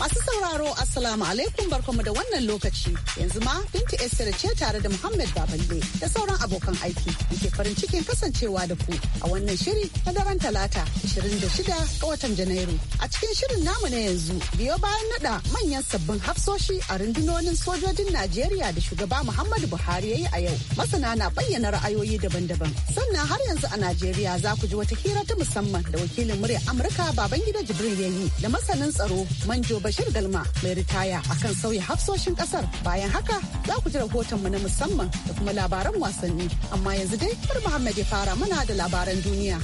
Masu sauraro Assalamu alaikum barkamu da wannan lokaci yanzu ma Binta Esther ce tare da Muhammad Baballe da sauran abokan aiki ke farin cikin kasancewa da ku a wannan shiri na daren Talata 26 ga watan Janairu. A cikin shirin namu na yanzu biyo bayan nada manyan sabbin hafsoshi a rundunonin sojojin Najeriya da shugaba Muhammadu Buhari ya yi a yau. Masana na bayyana ra'ayoyi daban-daban. Sannan har yanzu a Najeriya za ku ji wata hira ta musamman da wakilin murya Amurka Babangida Jibril ya yi da masanin tsaro Manjo Bashir Galma mai ritaya akan sauya hafsoshin kasar. Bayan haka za ku ji rahotonmu na musamman da kuma labaran wasanni. Amma yanzu dai har Muhammad ya fara mana da labaran duniya.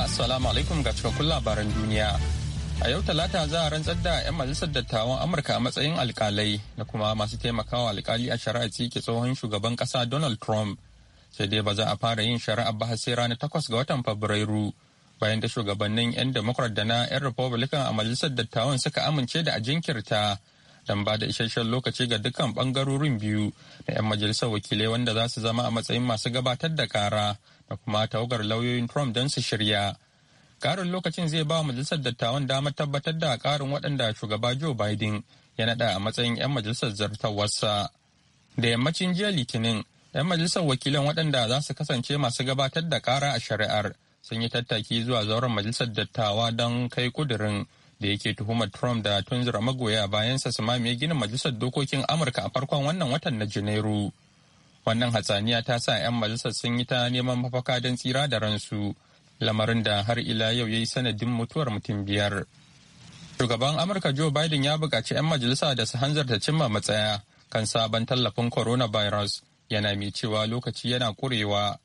Assalamu alaikum ga cikakkun labaran duniya. A yau talata za a rantsar da 'yan majalisar dattawan Amurka a matsayin alkalai da kuma masu taimakawa alkali a shari'a ke tsohon shugaban kasa Donald Trump. Sai dai ba za a fara yin shari'a ba sai ranar takwas ga watan Fabrairu. bayan da shugabannin 'yan democrat da na 'yan republican a majalisar dattawan suka amince da a jinkirta don ba da isasshen lokaci ga dukkan bangarorin biyu na 'yan majalisar wakilai wanda za su zama a matsayin masu gabatar da kara da kuma tawagar lauyoyin trump don su shirya karin lokacin zai ba majalisar dattawan damar tabbatar da karin waɗanda shugaba joe biden ya naɗa a matsayin 'yan majalisar zartawarsa da yammacin jiya litinin 'yan majalisar wakilan waɗanda za su kasance masu gabatar da kara a shari'ar sun yi tattaki zuwa zauren majalisar dattawa don kai kudirin da yake tuhumar Trump da tunzura magoya bayansa su mamaye ginin majalisar dokokin Amurka a farkon wannan watan na Janairu. Wannan hatsaniya ta sa 'yan majalisar sun yi ta neman mafaka don tsira da ransu, lamarin da har ila yau ya yi sanadin mutuwar mutum biyar. Shugaban Amurka Joe Biden ya buƙaci 'yan majalisa da su hanzarta cimma matsaya kan sabon tallafin coronavirus yana mai cewa lokaci yana kurewa.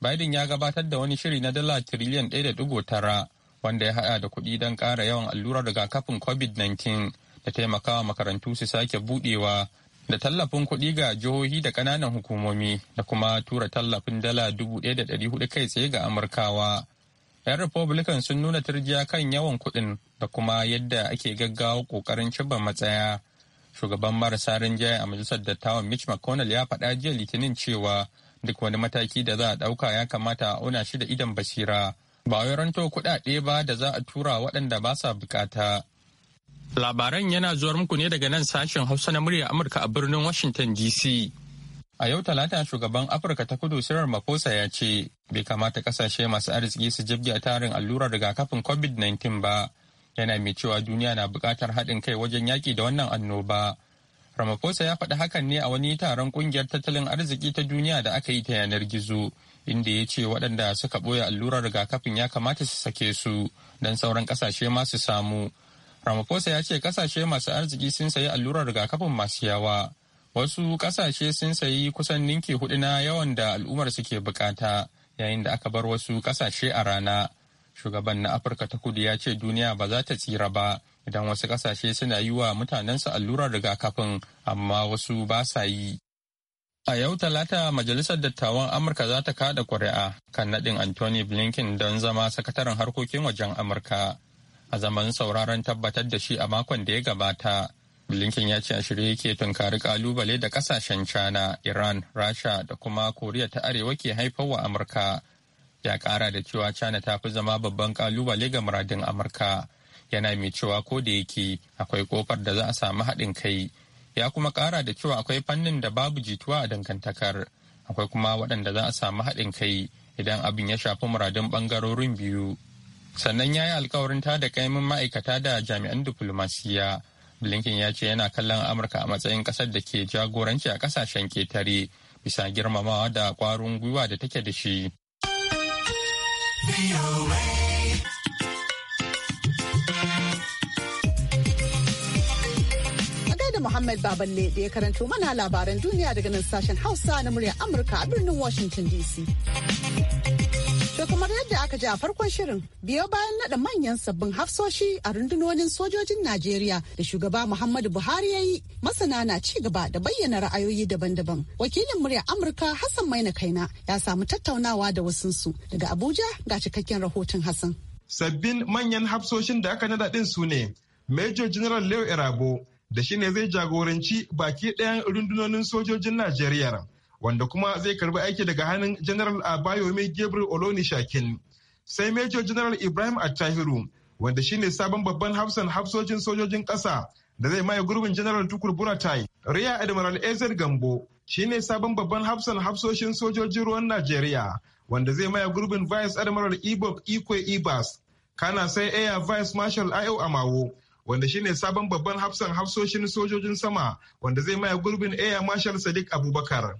Biden ya gabatar da wani shiri na dala tiriliyan 1.9 wanda ya haɗa da kuɗi don ƙara yawan allurar rigakafin COVID-19 da taimakawa makarantu su sake budewa da tallafin kuɗi ga jihohi da ƙananan hukumomi da kuma tura tallafin dala 1,400 kai tsaye ga Amurkawa. 'Yan Republican sun nuna turjiya kan yawan kuɗin da kuma yadda ake gaggawa ƙoƙarin cibba matsaya. Shugaban marasa rinjaye a Majalisar Dattawan Mitch McConnell ya faɗa jiya Litinin cewa duk wani mataki da za a ɗauka ya kamata a auna shi da idan basira ba wai ranto kuɗaɗe ba da za a tura waɗanda ba sa bukata. Labaran yana zuwar muku ne daga nan sashen Hausa na murya Amurka a birnin Washington DC. A yau talata shugaban Afirka ta kudu Sirar Maposa ya ce bai kamata kasashe masu arziki su jibge tarin allurar rigakafin COVID-19 ba. Yana mai cewa duniya na buƙatar haɗin kai wajen yaƙi da wannan annoba. Ramaphosa ya faɗi hakan ne a wani taron ƙungiyar tattalin arziki ta duniya da aka yi ta yanar gizo, inda ya ce waɗanda suka ɓoye allurar rigakafin ya kamata su sake su don sauran ƙasashe masu samu. Ramaphosa ya ce ƙasashe masu arziki sun sayi allurar rigakafin masu yawa. Wasu ƙasashe sun sayi kusan ninki hudu na yawan da al'ummar suke bukata, yayin da aka bar wasu ƙasashe a rana. Shugaban na Afirka ta kudu ya ce duniya ba za ta tsira ba idan wasu kasashe suna yi wa mutanensu allurar rigakafin amma wasu ba sa yi. A yau Talata Majalisar Dattawan Amurka za ta kada ƙuri'a kan naɗin Anthony Blinken don zama sakataren harkokin wajen Amurka. A zaman sauraron tabbatar da shi a makon da ya gabata, Blinken ya ce a shirye yake tunkari kalubale da kasashen China, Iran, Rasha da kuma Koriya ta Arewa ke haifar wa Amurka ya kara da cewa china ta fi zama babban kalubale ga muradin amurka yana mai cewa ko da yake akwai kofar da za a samu haɗin kai ya kuma kara da cewa akwai fannin da babu jituwa a dangantakar akwai kuma waɗanda za a samu haɗin kai idan abin ya shafi muradun ɓangarorin biyu sannan ya yi alkawarin ta da kaimin ma'aikata da jami'an diflomasiya blinken ya ce yana kallon amurka a matsayin ƙasar da ke jagoranci a ƙasashen ketare bisa girmamawa da ƙwarin gwiwa da take da shi Muhammad Baballe da ya karanto mana labaran duniya daga nan sashen Hausa na murya Amurka a birnin Washington DC. To kamar yadda aka ji a farkon shirin biyo bayan naɗa manyan sabbin hafsoshi a rundunonin sojojin Najeriya da shugaba Muhammadu Buhari ya yi masana na ci gaba da bayyana ra'ayoyi daban-daban. Wakilin murya Amurka Hassan Maina Kaina ya samu tattaunawa da wasunsu daga Abuja ga cikakken rahoton Hassan. Sabbin manyan hafsoshin da aka naɗa ɗin su ne Major General Leo Irabo da shi shine zai jagoranci baki ɗayan rundunonin sojojin Najeriya. wanda kuma zai karbi aiki daga hannun General mai Gabriel shakin. Sai Major General Ibrahim Attahiru wanda shine sabon babban hafsan hafsojin sojojin ƙasa da zai maye gurbin General Tukur Buratai. Riya Admiral Ezer Gambo shine sabon babban hafsan hafsoshin sojojin ruwan Najeriya wanda zai maye gurbin Vice Admiral Ibok Ikwe Ibas. Kana sai Air Vice Marshal Ayo Amawo wanda shine sabon babban hafsan hafsoshin sojojin sama wanda zai maye gurbin Air Marshal Sadiq Abubakar.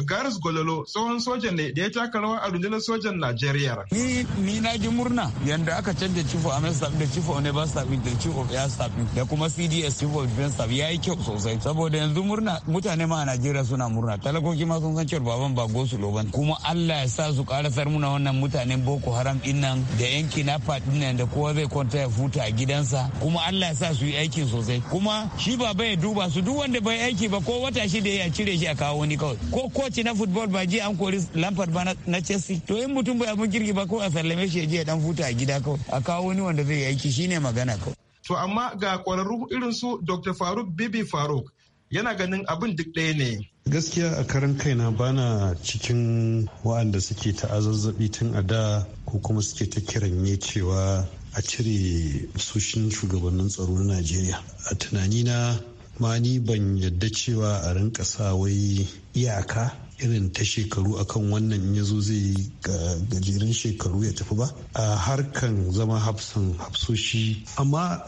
Garis Gololo tsohon sojan ne da ya taka rawa a rundunar sojan Najeriya. Ni ni na ji murna yanda aka canza chief of army staff da chief of naval staff da chief of air staff da kuma CDS chief of defense staff yayi kyau sosai saboda yanzu murna mutane ma a Najeriya suna murna talakoki ma sun san cewa baban ba gosu loban kuma Allah ya sa su karasar muna wannan mutanen Boko Haram din nan da yanki na fadin nan da kowa zai kwanta ya futa a gidansa kuma Allah ya sa su yi aikin sosai kuma shi baba ya duba su duk wanda bai aiki ba ko wata shi da ya cire shi a kawo wani kawai ko koci na football ba je an kori Lampard ba na Chelsea to in mutum bai abin girgi ba ko a sallame shi je dan futa a gida kawai a kawo wani wanda zai yi aiki shine magana ko to amma ga kwararru irin su Dr. Faruk Bibi Faruk yana ganin abin duk ɗaya ne gaskiya a karan kaina bana cikin wa'anda suke ta azazzabi tun a da ko kuma suke ta ne cewa a cire sushin shugabannin tsaro na najeriya a tunanina Mani ban yadda cewa a rinka sa wai iyaka irin ta shekaru akan wannan in ya zo zai gajeren shekaru ya tafi ba a harkan zama hafsan hafsoshi amma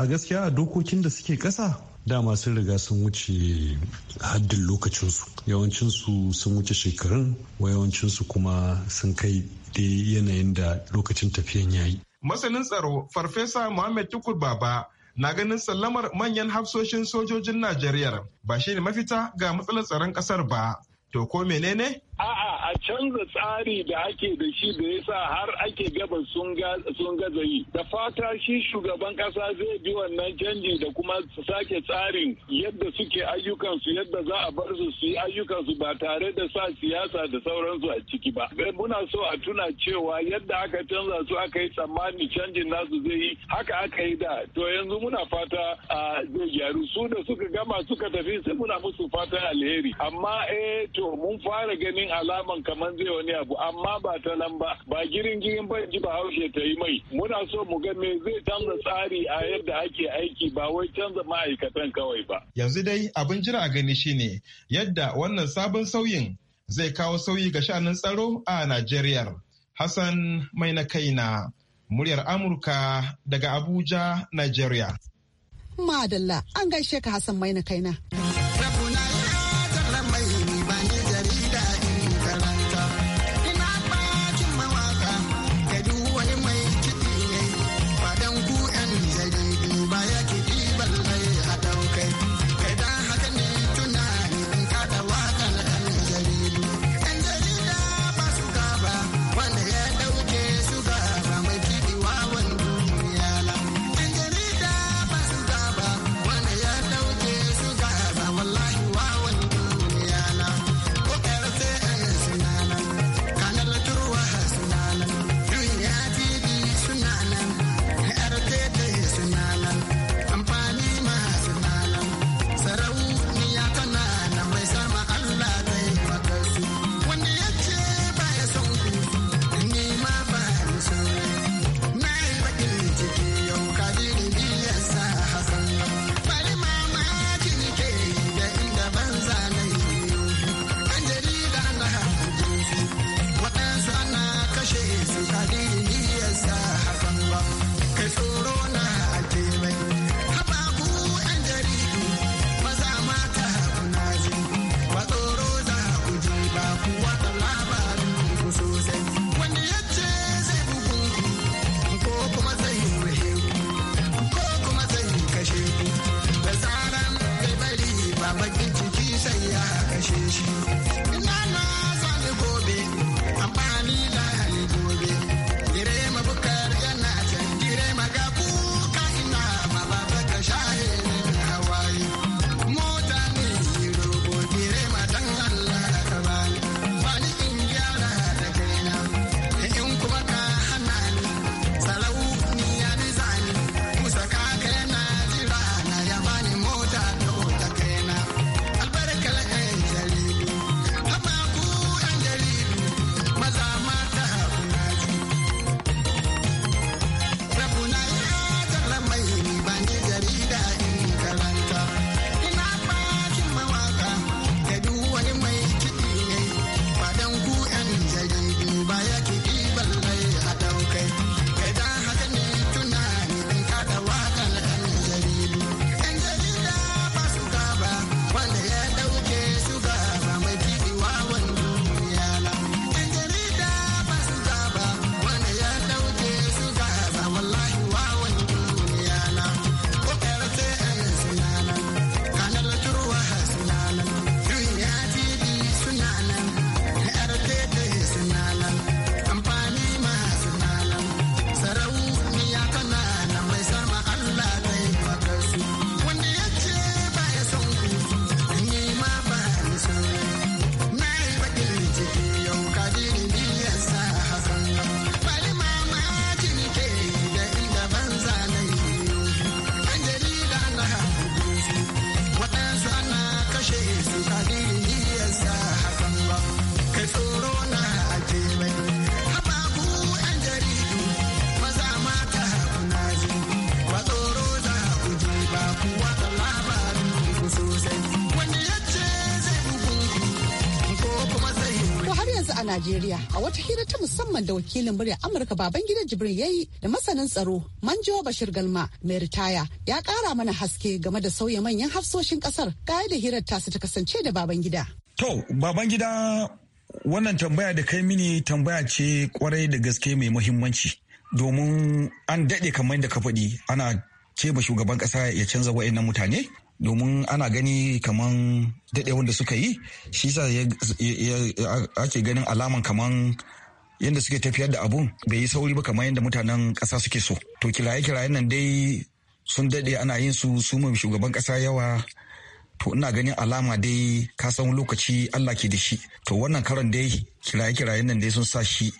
a gaskiya a dokokin da suke ƙasa dama sun riga sun wuce haddin lokacinsu yawancinsu sun wuce shekarun wa yawancinsu kuma sun kai dai yanayin da lokacin tafiyan yayi masanin tsaro farfesa muhammad tukur baba na ganin sallamar manyan hafsoshin sojojin Najeriya ba shi ne mafita ga matsalar tsaron ƙasar ba. To ko menene? A'a a canza tsari da ake da shi da ya sa har ake gaba sun gaza yi. Da fata shi shugaban kasa zai bi wannan canji da kuma sake tsarin yadda suke ayyukansu yadda za a bar su su yi ayyukansu ba tare da sa siyasa da sauransu a ciki ba. Eh, muna so a tuna cewa yadda aka canza su aka yi tsammani canjin nasu zai yi haka aka yi da. To yanzu muna fata a zai gyaru su da suka gama suka tafi sai muna musu fata alheri. Amma eh to mun fara ganin jin alaman kamar zai wani abu amma ba ta nan ba ba girin girin ba ji ba haushe ta yi mai muna so mu ga me zai canza tsari a yadda ake aiki ba wai canza ma'aikatan kawai ba yanzu dai abin jira a gani shine yadda wannan sabon sauyin zai kawo sauyi ga sha'anin tsaro a Najeriya Hassan mai na kaina muryar Amurka daga Abuja Najeriya Madalla an gaishe ka Hassan mai na kaina. Najeriya a wata hira ta musamman da wakilin murya Amurka baban gidan Jibril yi da masanin tsaro Manjo Bashir Galma mai ritaya ya kara mana haske game da sauya manyan hafsoshin kasar ga da hirar ta su ta kasance da baban gida. To baban gida wannan tambaya da kai mini tambaya ce kwarai da gaske mai muhimmanci domin an daɗe kamar da ka faɗi ana ce ba shugaban ƙasa ya canza waɗannan mutane domin ana gani kaman daɗewan da suka yi shi sa ake ganin alaman kaman yadda suke tafiyar da abun bai yi sauri ba kamar yadda mutanen ƙasa suke so to kiraye-kirayen nan dai sun daɗe ana yin su su shugaban ƙasa yawa to ina ganin alama dai ka san lokaci Allah ke da shi to wannan karon dai kiraye-kirayen nan dai sun sa shi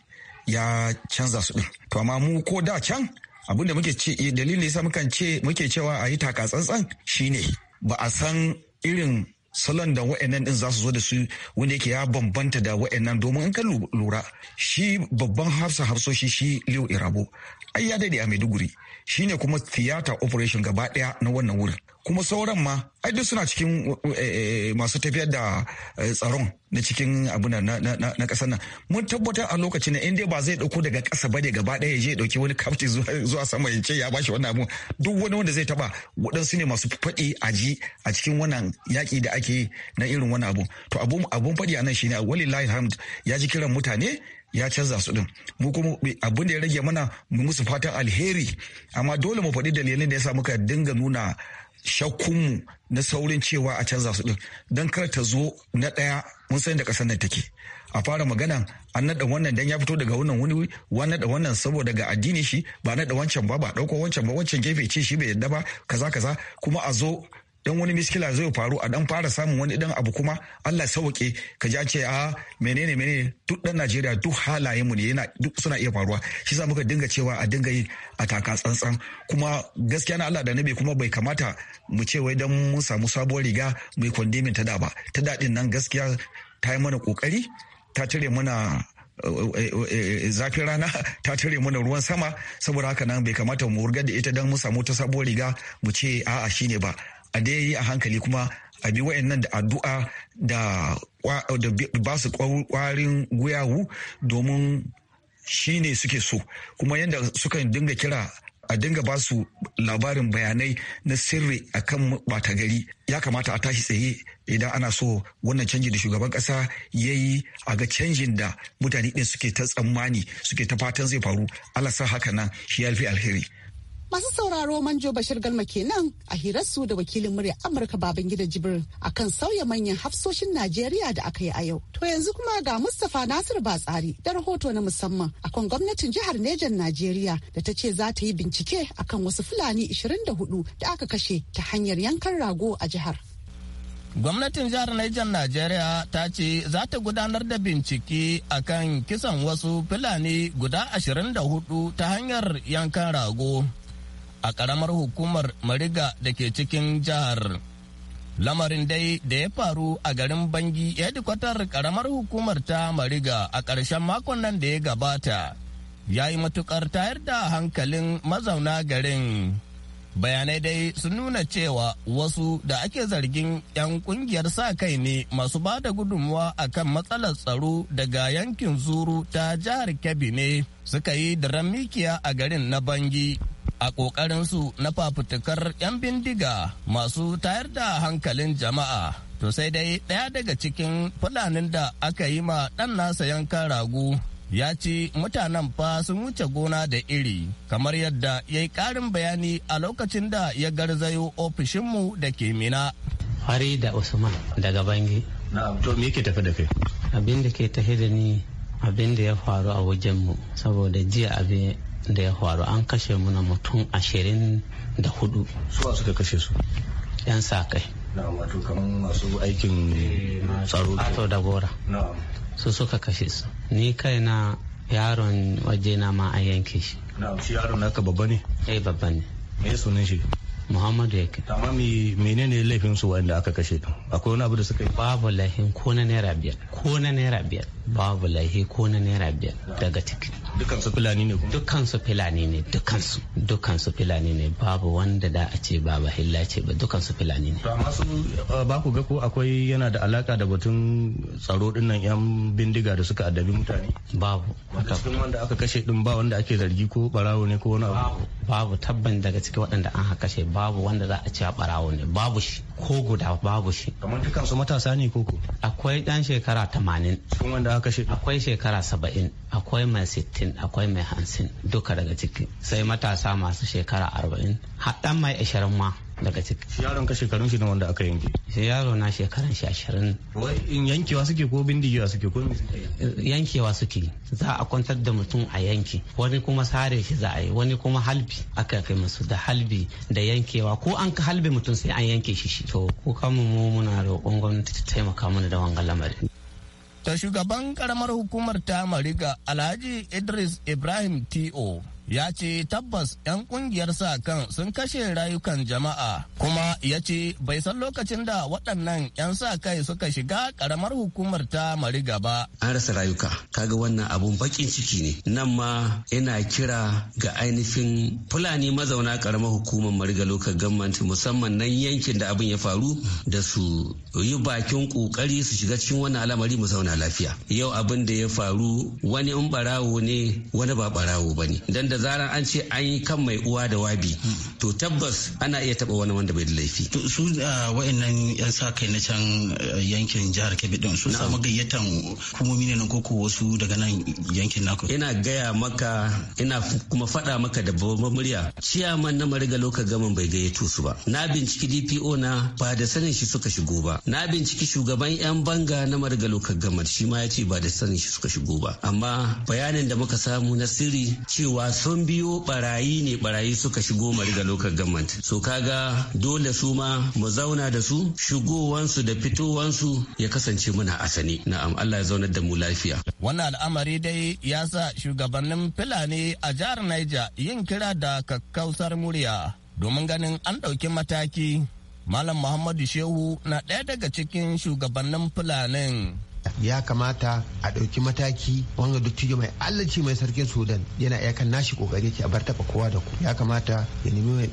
ya canza su ɗin to amma mu ko da can da muke ce dalilin yasa mukan muke cewa a yi taka tsantsan shine ba a san irin salon da wa'annan din za su zo da su wanda yake ya bambanta da wa'annan domin in ka lura shi babban harsa harsoshi shi liu irabo ai ya daɗe a maiduguri shine kuma theater operation gaba ɗaya na wannan wurin kuma sauran ma ai duk suna cikin eh, eh, masu tafiyar da eh, tsaron na cikin abu na na kasar nan mun tabbatar a lokacin na inda ba zai dauko daga kasa da gaba daya ya je dauki wani kafti zuwa sama ya ce ya bashi wannan abu duk wani wanda zai taba waɗansu ne masu faɗi a ji a cikin wannan yaƙi da ake na irin wannan abu to abun faɗi a nan shine walillahi hamd ya ji kiran mutane ya canza su din mu kuma abin da ya rage mana mu musu fatan alheri amma dole mu faɗi dalilin da ya sa muka dinga nuna shakkunmu na saurin cewa a canza su din don kar ta zo na ɗaya mun san da ƙasar nan take a fara magana an naɗa wannan dan ya fito daga wannan wani wani naɗa wannan saboda ga addini shi ba naɗa wancan ba ba ɗauko wancan ba wancan gefe ce shi bai yadda ba kaza kaza kuma a zo dan wani miskila zai faru a dan fara samun wani dan abu kuma Allah sauke ka ji ce a ah, menene menene duk dan Najeriya duk mu ne yana duk suna iya faruwa shi yasa muka dinga cewa a dinga yi a taka tsantsan kuma gaskiya na Allah da nabi kuma bai kamata mu ce wai dan mun samu sabuwar riga mai kwandimin ta da ba ta dadin nan gaskiya ta yi mana kokari ta cire mana eh, eh, eh, zafin rana ta tare mana ruwan sama saboda haka nan bai kamata mu wurga da ita don mu samu ta sabuwar riga mu ce a'a shine ba a dai a hankali kuma a bi wayannan da addu'a da ba su kwarin guyawu domin shi ne suke so kuma yadda suka dinga kira a dinga ba su labarin bayanai na sirri akan bata gari ya kamata a tashi tsaye idan ana so wannan canji da shugaban kasa ya yi a ga canjin da mutane ɗin suke ta tsammani suke ta fatan zai faru alasar haka nan shi ya alheri Masu sauraro Manjo Bashir Galma kenan a hirarsu da wakilin murya Amurka Babangida Jibril a kan sauya manyan hafsoshin Najeriya da aka yi a yau. To yanzu kuma ga Mustapha nasiru Batsari da rahoto na musamman akan gwamnatin jihar Nejan Najeriya da ta ce za ta yi bincike akan wasu Fulani 24 da aka kashe ta hanyar yankan rago a jihar. Gwamnatin jihar nejan Najeriya ta ce za ta gudanar da bincike a kan kisan wasu Fulani guda 24 ta hanyar yankan rago. a ƙaramar hukumar Mariga da ke cikin jihar. Lamarin dai da ya faru a garin Bangi ya dikwatar ƙaramar hukumar ta Mariga a ƙarshen makon nan da ya gabata. Ya yi matuƙar tayar da hankalin mazauna garin. bayanai dai sun nuna cewa wasu da ake zargin 'yan kungiyar sa kai ne masu ba da gudunmuwa a kan matsalar tsaro daga yankin zuru ta jihar kebbi ne suka yi da mikiya a garin na bangi a su na fafutukar 'yan bindiga masu tayar da hankalin jama'a. To sai dai ɗaya daga cikin fulanin da aka yi ma ɗan nasa yankan ragu ya ce mutanen fa sun wuce gona da iri kamar yadda ya yi ƙarin bayani a lokacin da ya garzayo ofishinmu da ke mina. Hari da Usman daga Bangi. Na to me yake tafi da kai? Abin da ke tafi da ni abin da ya faru a wajenmu saboda jiya abin da ya faru an kashe muna mutum ashirin da hudu suwa suka kashe su yan sa kai wato kamar masu aikin tsaro ato da bora su suka kashe su ni kai na yaron waje na ma an yanke shi na shi yaron naka babba ne eh babba ne me sunan shi muhammadu yake amma menene laifin su wanda aka kashe ta? akwai wani abu da suka yi babu laifin ko na naira biyar ko na naira biyar babu laifi ko na naira biyar daga ciki dukkan su filani ne kuma dukkan su filani ne dukkan su dukkan su filani ne babu wanda da a ce ba ba hilla ce ba dukkan su filani ne amma su eh, ba ku ga ko akwai yana da alaka da batun tsaro din nan yan bindiga da suka addabi mutane babu cikin wanda aka kashe din ba wanda ake zargi ko barawo ne ko wani abu babu tabban daga cikin waɗanda an kashe babu wanda za a a barawo ne babu shi ko guda babu shi kamar dukkan su matasa ne koko akwai dan shekara tamanin. Kuma wanda aka shi akwai shekara saba'in akwai mai sittin akwai mai 50 duka daga ciki sai matasa masu shekara arba'in har mai ashirin ma daga ciki yaron ka shekarun shi na wanda aka yanke sai yaro na shekaran shi ashirin wai yankewa suke ko bindigewa suke ko yankewa suke za a kwantar da mutum a yanki wani kuma sare shi za a yi wani kuma halbi aka kai musu da halbi da yankewa ko an ka halbe mutum sai an yanke shi shi to ko kama mu muna roƙon gwamnati ta taimaka mana da wangan lamarin ta shugaban karamar hukumar ta mariga alhaji idris ibrahim to ya ce tabbas 'yan kungiyar sa kan sun kashe rayukan jama'a kuma ya ce bai san lokacin da waɗannan 'yan sa kai suka shiga karamar hukumar ta mariga ba an rasa rayuka kaga wannan abun bakin ciki ne nan ma yana kira ga ainihin fulani mazauna karamar hukumar mariga lokacin government musamman nan yankin da abin ya faru da su yi bakin ƙoƙari su shiga cikin wannan al'amari mu zauna lafiya yau abin da ya faru wani in barawo ne wani ba barawo ba ne. da zaran an ce an yi kan mai uwa da wabi to tabbas ana iya taba wani wanda bai da laifi to su wa'annan yan sa kai na can yankin jihar Kebbi din su samu gayyatan hukumomi ne nan koko wasu daga nan yankin naku ina gaya maka ina kuma faɗa maka da babban murya ciyaman na mariga loka gaman bai gayyato su ba na binciki DPO na ba da sanin shi suka shigo ba na binciki shugaban yan banga na mariga loka gaman shi ma ya ce ba da sanin shi suka shigo ba amma bayanin da muka samu na sirri cewa sun biyo barayi ne barayi suka shigo mariga local government so kaga dole su ma mu zauna da su shigowansu da fitowansu ya kasance muna asani na'am Allah ya zaunar da mu lafiya wannan al'amari dai ya sa shugabannin Fulani a jihar Niger yin kira da kakkausar murya domin ganin an ɗauki mataki Malam Muhammadu Shehu na ɗaya daga cikin shugabannin Fulanin ya kamata a ɗauki mataki wanga dattijo mai allaci mai sarkin sudan yana iya kan nashi kokari ke a bar taba kowa da ku ya kamata ya nemi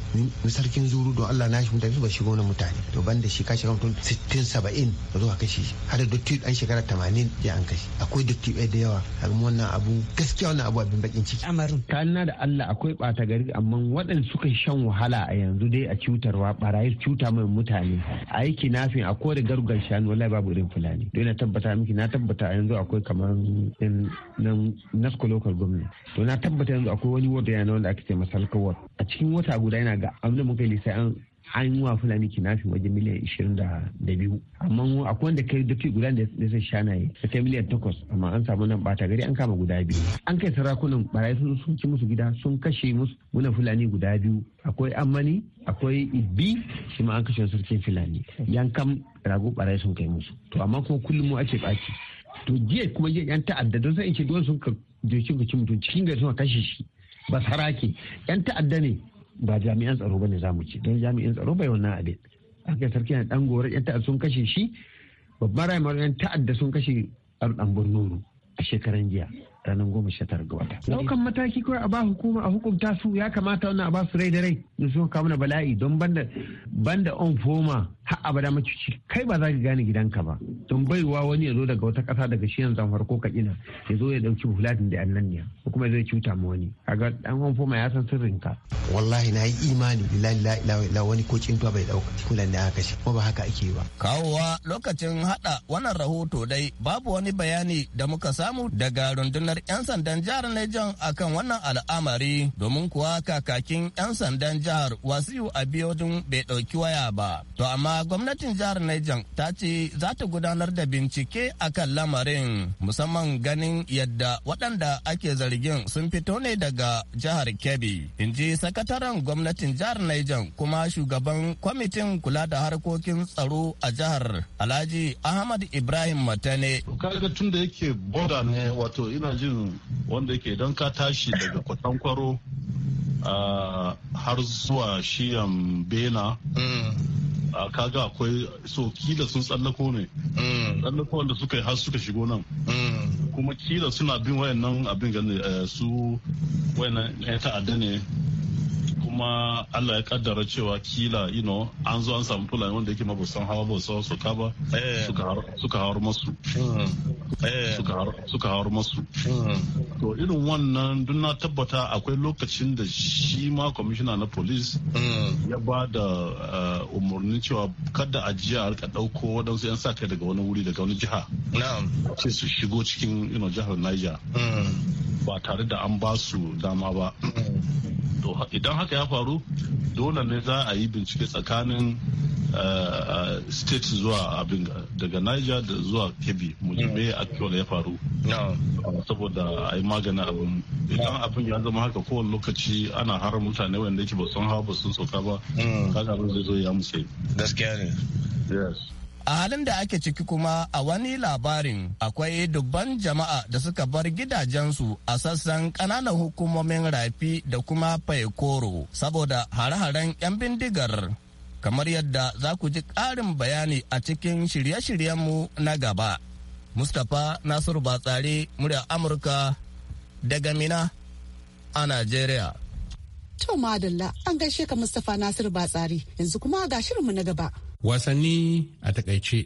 sarkin zuru don allah nashi mutane ba shigo na mutane to ban da shi ka shiga mutum sittin saba'in da zuwa kashi har da dattijo an shekara tamanin ya an kashi akwai dattijo da yawa har wannan abu gaskiya wannan abu abin bakin ciki. amarin kanna da allah akwai bata gari amma waɗanda suka shan wahala a yanzu dai a cutarwa barayi cuta mai mutane aiki nafin a kore garugar shanu wallahi babu irin fulani don na tabbata miki na tabbata a yanzu akwai kamar in nan local government to na tabbata yanzu akwai wani ward yana wanda aka ce masalka a cikin wata guda yana ga abinda da muka lisa an an yi wa fulani kinafin wajen miliyan ishirin da biyu amma akwai wanda kai dafi guda da zai shanaye ta kai miliyan takwas amma an samu nan bata gari an kama guda biyu an kai sarakunan barayi sun sun musu gida sun kashe musu muna fulani guda biyu akwai amani akwai ibi shi ma an kashe sarkin fulani yankan rago barayi sun kai musu to amma kuma kullum mu ake baki to jiya kuma yan ta'adda don sai in ce dole sun ka ci mutum cikin gari sun kashe shi ba sarake yan ta'adda ne ba jami'an tsaro bane za mu ci don jami'an tsaro bai wannan abin aka sarki na dan gorar yan ta'adda sun kashe shi babban rayuwar yan ta'adda sun kashe arɗan borno a shekaran jiya ranar goma sha tara ga wata. Daukan mataki kawai a ba hukuma a hukunta su ya kamata wannan a ba su rai da rai da su kawo na bala'i don banda banda on foma har abada mace ce kai ba za ka gane gidanka ba don baiwa wani ya zo daga wata ƙasa daga shi yanzu farko ka ina ya zo ya dauki hulatin da annan ne ko kuma zai cuta ma wani kaga dan wan foma ya san sirrin ka wallahi na yi imani lallai la ilaha wani ko kintuwa bai dauka kulan da aka shi kuma ba haka ake ba kawowa lokacin hada wannan rahoto dai babu wani bayani da muka samu daga rundunar yan sandan jihar Lejon kan wannan al'amari domin kuwa kakakin yan sandan jihar Wasiu Abiodun bai ɗauki waya ba to amma gwamnatin jihar Niger ta ce za ta gudanar da bincike a kan lamarin musamman ganin yadda waɗanda ake zargin sun fito ne daga jihar Kebbi. In ji sakataren gwamnatin jihar Niger kuma shugaban kwamitin kula da harkokin tsaro a jihar Alhaji Ahmad Ibrahim Matane. Kaga tun da yake boda ne wato ina jin wanda yake don ka tashi daga kwatankwaro har zuwa shiyan bena mm. kaga akwai so kila sun tsallako ne mm. tsallako wanda suka yi har suka shigo nan mm. kuma kila suna bin wayannan abin eh, su wayannan ya eh, ta'adda ne kuma Allah ya kaddara cewa kila you know an zo an samu fulani wanda yake san hawa ba su kaba. ba eh. suka hawar masu hmm. eh. suka hawar masu hmm. to irin wannan duk na tabbata akwai lokacin da shi ma kwamishina na police hmm. ya ba da eh, umarnin cewa kada a jiya rika dauko wadansu 'yan sa kai daga wani wuri daga wani jiha sai su shigo cikin jihar Niger ba tare da an ba su dama ba to idan haka ya faru dole ne za a yi bincike tsakanin eh, eh, state zuwa abin daga niger da zuwa kebbi mu ji actual ya faru saboda a yi maganin abin idan abin ya zama haka kowane lokaci ana har mutane wanda yake ba sun hawa ba sun sauka ba hmm. kaga abin zai zo ya musayi gaskiya ne yes A halin da ake ciki kuma a wani labarin akwai dubban jama'a da suka bar gidajensu a sassan ƙananan hukumomin rafi da kuma faikoro saboda hare-haren 'yan bindigar kamar yadda za ku ji ƙarin bayani a cikin shirye-shiryenmu na gaba. Mustapha Nasiru Batsari murya Amurka daga Mina a Najeriya. To madalla an gaishe ka Mustapha Nasiru Batsari yanzu kuma ga shirinmu na gaba. wasanni a takaice.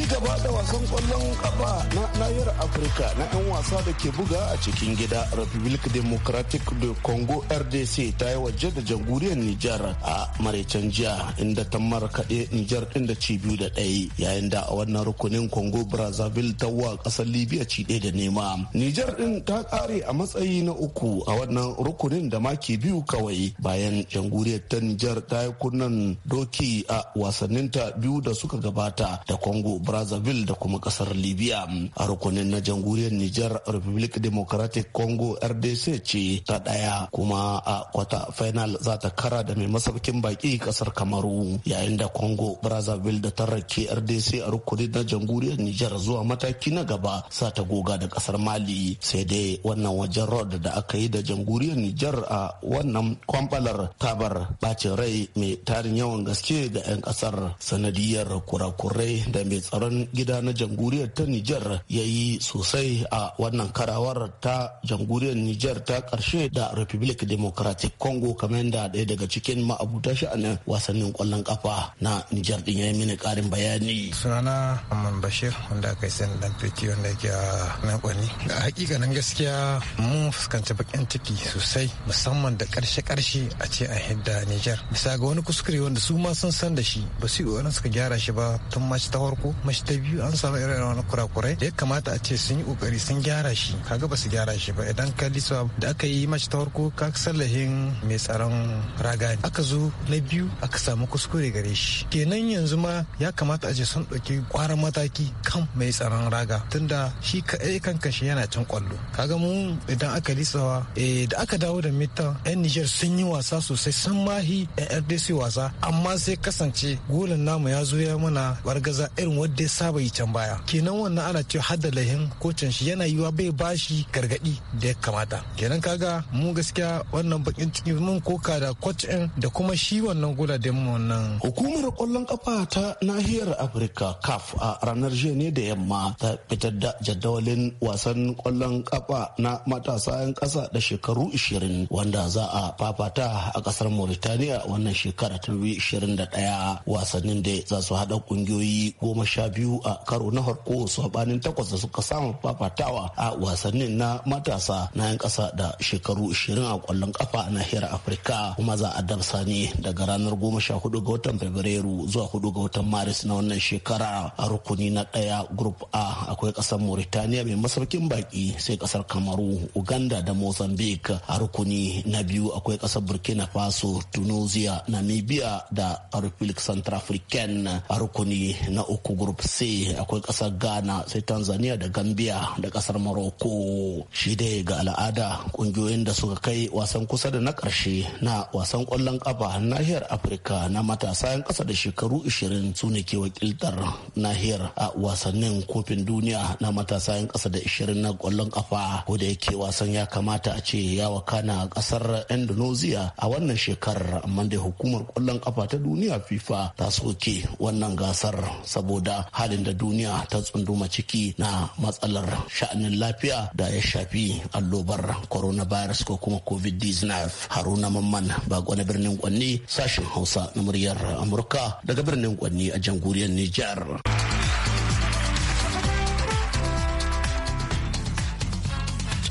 ci gaba da wasan kwallon kafa na nahiyar afirka na 'yan wasa da ke buga a cikin gida republic democratic de congo rdc ta yi waje da jamhuriyar nijar a maraicen jiya inda ta markaɗe nijar ɗin da ci biyu da ɗaya yayin da a wannan rukunin congo brazzaville ta wa ƙasar libya ci ɗaya da nema nijar ɗin ta ƙare a matsayi na uku a wannan rukunin da maki biyu kawai bayan jamhuriyar ta nijar ta yi kunnan doki a wasanninta biyu da suka gabata da congo brazzaville da kuma kasar libya a rukunin na jamhuriyar niger republic democratic congo rdc ce ta daya kuma a kwata final za ta kara da mai masaukin baki kasar kamaru yayin da congo brazzaville da ta rake rdc a rukunin na jamhuriyar niger zuwa mataki na gaba sa ta goga da kasar mali sai dai wannan wajen rod da aka yi da jamhuriyar niger a wannan kwambalar tabar bacin rai mai tarin yawan gaske ga 'yan kasar sanadiyar kurakurai da mai tsaron gida na jamhuriyar ta Nijar ya yi sosai a wannan karawar ta jamhuriyar Nijar ta karshe da Republic Democratic Congo kamar da ɗaya daga cikin ma'abuta sha'anin wasannin kwallon kafa na Nijar ɗin ya yi mini karin bayani. Sunana Amman Bashir wanda aka yi sani dan fiti wanda yake a kwani. A hakikanin gaskiya mun fuskanci bakin ciki sosai musamman da karshe karshe a ce a hidda Nijar. Bisa ga wani kuskure wanda su ma sun san da shi ba su yi suka gyara shi ba tun ma ta farko mashi ta biyu an samu irin wani kurakurai da ya kamata a ce sun yi kokari sun gyara shi kaga ba su gyara shi ba idan ka lisa da aka yi mashi ta farko ka sallahin mai tsaron raga ne aka zo na biyu aka samu kuskure gare shi kenan yanzu ma ya kamata a ce sun ɗauki kwaran mataki kan mai tsaron raga tunda shi kaɗai kanka shi yana cin kwallo kaga mu idan aka lisawa eh, da aka dawo da mita yan nijar sun yi wasa sosai sun mahi yan rdc wasa amma sai kasance golin namu ya zo ya mana bargaza irin wadda saba yi can baya kenan wannan ana ce hada lahin ko can shi yana yiwa bai bashi gargadi da ya kamata kenan kaga mu gaskiya wannan bakin cikin mun koka da kocin da kuma shi wannan gola da mu wannan hukumar kwallon kafa ta nahiyar afirka caf a ranar jiya ne da yamma ta fitar da jadawalin wasan kwallon kafa na matasa 'yan kasa da shekaru 20 wanda za a fafata a kasar mauritania wannan shekara ta 21 wasannin da za su hada kungiyoyi goma sha sha biyu a karo na harko sabanin takwas da suka samu fafatawa a wasannin na matasa na 'yan ƙasa da shekaru 20 a kwallon kafa a nahiyar afirka kuma za a darsa ne daga ranar 14 ga watan fabrairu zuwa 4 ga watan maris na wannan shekara a rukuni na ɗaya group a akwai ƙasar mauritania mai masaukin baki sai ƙasar kamaru uganda da mozambique a rukuni na biyu akwai ƙasar burkina faso tunisia namibia da republic african a rukuni na uku group c akwai kasar ghana sai tanzania da gambia da kasar morocco shi dai ga al'ada kungiyoyin da suka kai wasan kusa da na karshe na wasan kwallon kafa nahiyar afirka na matasa 'yan kasa da shekaru 20 su ne ke wakiltar nahiyar a wasannin kofin duniya na matasa 'yan kasa da 20 na kwallon kafa ko da yake wasan ya kamata a ce ya wakana kasar indonesia a wannan shekarar amma da hukumar kwallon kafa ta duniya fifa ta soke wannan gasar saboda halin da duniya ta tsunduma ciki na matsalar sha'anin lafiya da ya shafi allobar coronavirus ko kuma covid-19 haruna mamman bago na birnin kwanni sashen hausa na muryar amurka daga birnin kwanni a jamhuriyar nijar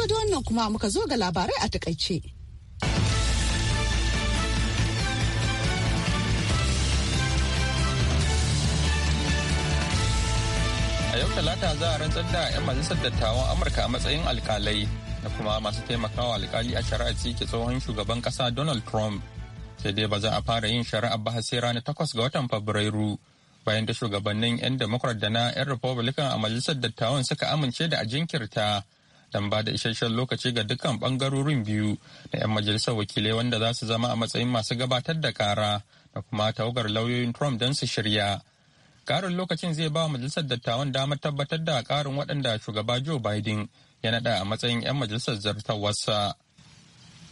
to kuma muka zo ga labarai a takaice talata za a rantsar da 'yan majalisar dattawan amurka a matsayin alkalai da kuma masu taimakawa alkali a shari'a ke tsohon shugaban kasa donald trump sai dai ba za a fara yin shari'a ba sai ranar takwas ga watan fabrairu bayan da shugabannin 'yan democrat da na 'yan republican a majalisar dattawan suka amince da a jinkirta don ba da isasshen lokaci ga dukkan bangarorin biyu na 'yan majalisar wakilai wanda za su zama a matsayin masu gabatar da kara da kuma tawagar lauyoyin trump don su shirya Karin lokacin zai ba majalisar dattawan damar tabbatar da karin waɗanda shugaba Joe Biden ya naɗa a matsayin 'yan majalisar wasa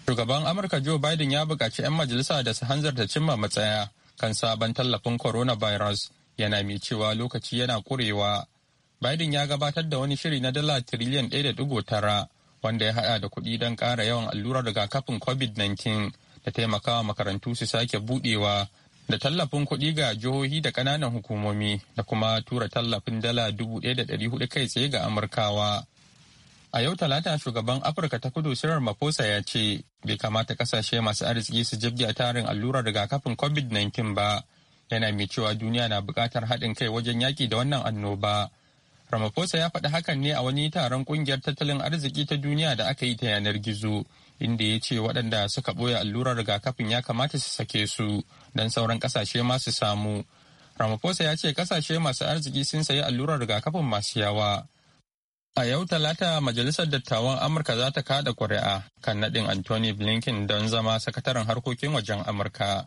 Shugaban Amurka Joe Biden ya buƙaci 'yan majalisa da su hanzarta cimma matsaya kan sabon tallafin coronavirus yana mai cewa lokaci yana ƙurewa. Biden ya gabatar da wani shiri na dala tiriliyan tara wanda ya haɗa da kuɗi don ƙara yawan allurar rigakafin COVID-19 da taimakawa makarantu su sake buɗewa da tallafin kuɗi ga jihohi da ƙananan hukumomi da kuma tura tallafin dala dubu ɗaya da ɗari 1,400 kai tsaye ga amurkawa a yau talata shugaban afirka ta kudu sirar maposa ya ce bai kamata ƙasashe masu arziki su jibge a tarin allurar rigakafin covid-19 ba yana mai cewa duniya na buƙatar haɗin kai wajen yaƙi da wannan annoba ramaphosa ya faɗi hakan ne a wani taron ƙungiyar tattalin arziki ta duniya da aka yi ta yanar gizo inda ya ce waɗanda suka ɓoye allurar rigakafin ya kamata su sake su don sauran ƙasashe masu samu. Ramaphosa ya ce ƙasashe masu arziki sun sayi allurar rigakafin masu yawa. A yau Talata Majalisar Dattawan Amurka za ta kada ƙuri'a kan naɗin Anthony Blinken don zama sakataren harkokin wajen Amurka.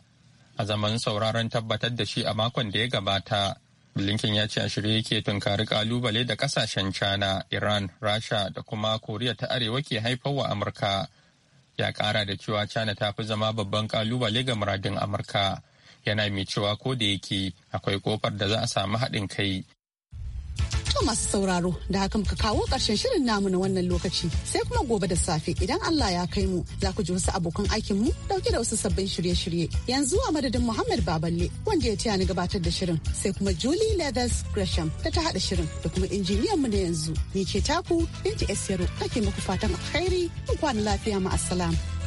A zaman sauraron tabbatar da shi a makon da ya gabata, Blinken ya ce a shirye yake tunkari ƙalubale da ƙasashen China, Iran, Rasha da kuma Koriya ta Arewa ke haifarwa Amurka. ya kara da cewa china ta fi zama babban kalubale ga muradin amurka yana mai cewa ko da yake akwai kofar da za a samu haɗin kai To masu sauraro da haka muka kawo ƙarshen shirin namu na wannan lokaci sai kuma gobe da safe idan Allah ya kai mu za ku ji wasu abokan aikin mu dauke da wasu sabbin shirye-shirye yanzu a madadin Muhammad Baballe wanda ya taya ni gabatar da shirin sai kuma Julie Leathers Gresham da ta hada shirin da kuma injiniyan mu na yanzu ni ce taku Binti Esero kake muku fatan alheri ku kwana lafiya ma assalamu.